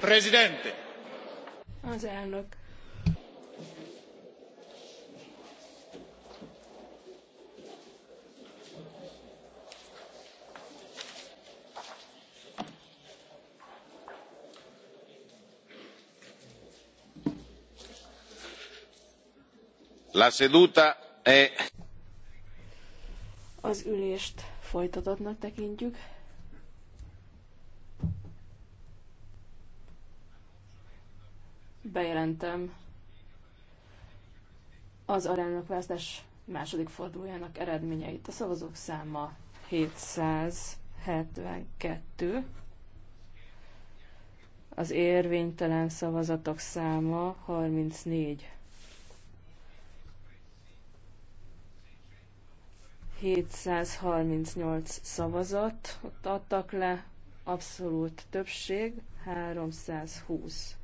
Presidente. Az elnök. La seduta è... Az ülést folytatottnak tekintjük. Bejelentem az választás második fordulójának eredményeit. A szavazók száma 772, az érvénytelen szavazatok száma 34. 738 szavazat adtak le, abszolút többség 320.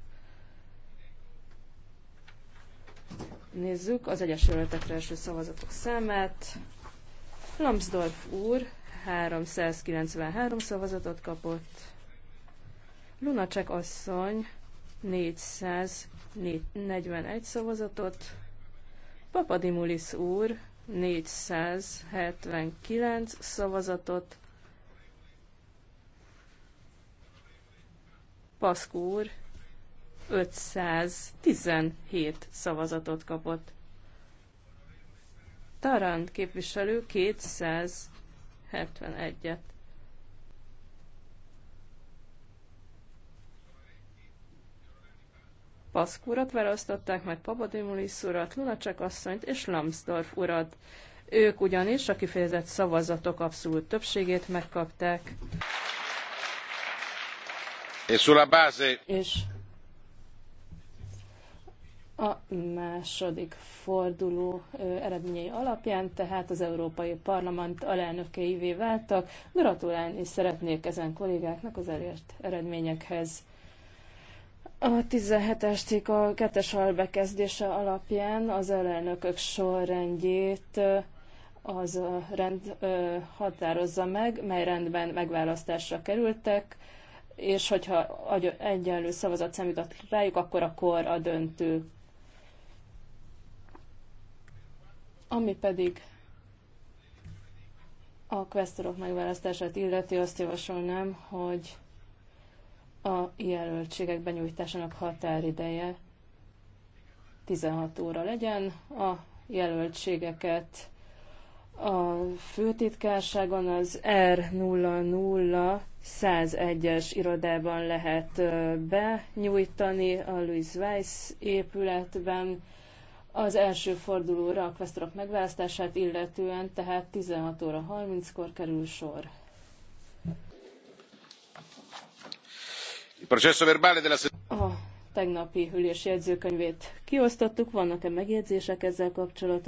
nézzük az egyes jelöltekre első szavazatok számát. Lambsdorff úr 393 szavazatot kapott, Lunacek asszony 441 szavazatot, Papadimulis úr 479 szavazatot, Paszkú úr 517 szavazatot kapott. Tarant képviselő 271-et. Paszkúrat választották meg Papadimulis urat, Lunacsek asszonyt és Lambsdorff urat. Ők ugyanis a kifejezett szavazatok abszolút többségét megkapták. És a második forduló eredményei alapján, tehát az Európai Parlament alelnökeivé váltak. Gratulálni szeretnék ezen kollégáknak az elért eredményekhez. A 17-es cikk a kettes albekezdése alapján az alelnökök sorrendjét az rend határozza meg, mely rendben megválasztásra kerültek és hogyha egyenlő szavazat számított rájuk, akkor a kor a döntő. Ami pedig a questorok megválasztását illeti, azt javasolnám, hogy a jelöltségek benyújtásának határideje 16 óra legyen. A jelöltségeket a főtitkárságon az R00101-es irodában lehet benyújtani a Louis Weiss épületben az első fordulóra a kvesztorok megválasztását illetően, tehát 16 óra 30-kor kerül sor. A tegnapi ülés jegyzőkönyvét kiosztottuk, vannak-e megjegyzések ezzel kapcsolatban?